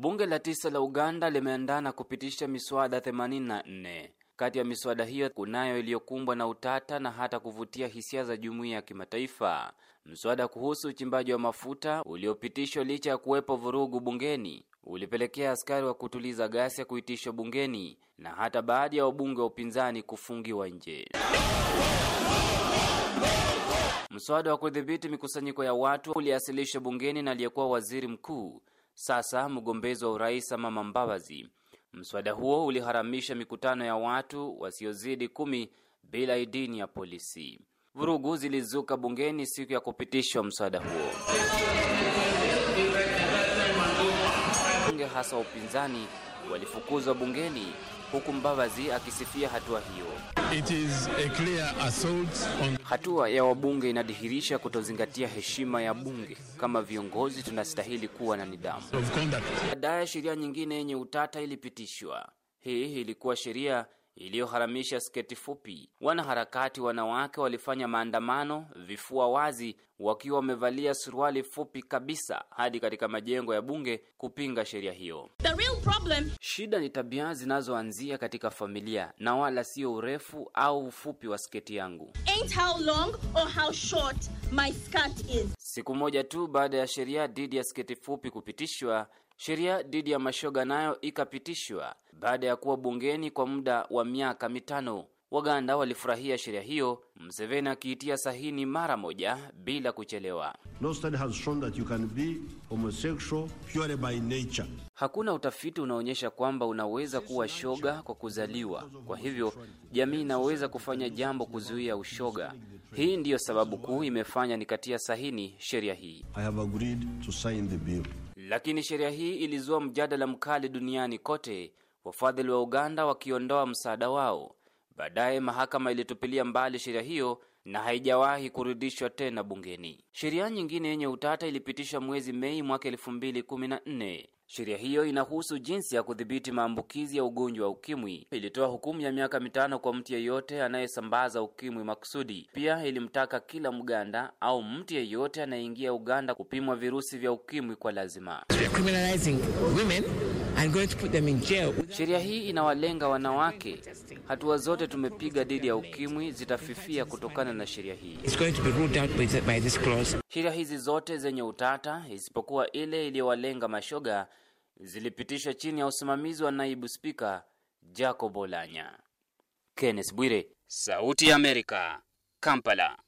Bunge la tisa la Uganda limeandaa na kupitisha miswada 84. Kati ya miswada hiyo kunayo iliyokumbwa na utata na hata kuvutia hisia za jumuiya ya kimataifa. Mswada kuhusu uchimbaji wa mafuta uliopitishwa licha ya kuwepo vurugu bungeni ulipelekea askari wa kutuliza ghasia kuitishwa bungeni na hata baadhi ya wabunge wa upinzani kufungiwa nje. Mswada wa kudhibiti mikusanyiko ya watu uliasilishwa bungeni na aliyekuwa waziri mkuu sasa mgombezi wa urais Amama Mbabazi. Mswada huo uliharamisha mikutano ya watu wasiozidi kumi bila idini ya polisi. Vurugu zilizuka bungeni siku ya kupitishwa mswada huo. Bunge hasa upinzani walifukuzwa bungeni huku Mbabazi akisifia hatua hiyo. It is a clear assault on... hatua ya wabunge inadhihirisha kutozingatia heshima ya bunge. Kama viongozi tunastahili kuwa na nidhamu. Baadaye sheria nyingine yenye utata ilipitishwa. Hii ilikuwa sheria iliyoharamisha sketi fupi. Wanaharakati wanawake walifanya maandamano vifua wazi, wakiwa wamevalia suruali fupi kabisa hadi katika majengo ya bunge kupinga sheria hiyo. The real problem... shida ni tabia zinazoanzia katika familia na wala sio urefu au ufupi wa sketi yangu. Ain't how long or how short my skirt is. Siku moja tu baada ya sheria dhidi ya sketi fupi kupitishwa Sheria dhidi ya mashoga nayo ikapitishwa baada ya kuwa bungeni kwa muda wa miaka mitano. Waganda walifurahia sheria hiyo, Mseveni akiitia sahini mara moja bila kuchelewa. No study has shown that you can be homosexual by nature. Hakuna utafiti unaonyesha kwamba unaweza kuwa shoga kwa kuzaliwa. Kwa hivyo jamii inaweza kufanya jambo kuzuia ushoga. Hii ndiyo sababu kuu imefanya nikatia sahini sheria hii. I have agreed to sign the bill. Lakini sheria hii ilizua mjadala mkali duniani kote, wafadhili wa Uganda wakiondoa msaada wao. Baadaye mahakama ilitupilia mbali sheria hiyo na haijawahi kurudishwa tena bungeni. Sheria nyingine yenye utata ilipitishwa mwezi Mei mwaka 214 Sheria hiyo inahusu jinsi ya kudhibiti maambukizi ya ugonjwa wa ukimwi. Ilitoa hukumu ya miaka mitano kwa mtu yeyote anayesambaza ukimwi makusudi. Pia ilimtaka kila Mganda au mtu yeyote anayeingia Uganda kupimwa virusi vya ukimwi kwa lazima. Sheria hii inawalenga wanawake. Hatua zote tumepiga dhidi ya ukimwi zitafifia kutokana na sheria hii. Sheria hizi zote zenye utata, isipokuwa ile iliyowalenga mashoga zilipitishwa chini ya usimamizi wa naibu spika Jacob Olanya. Kenneth Bwire, Sauti ya Amerika, Kampala.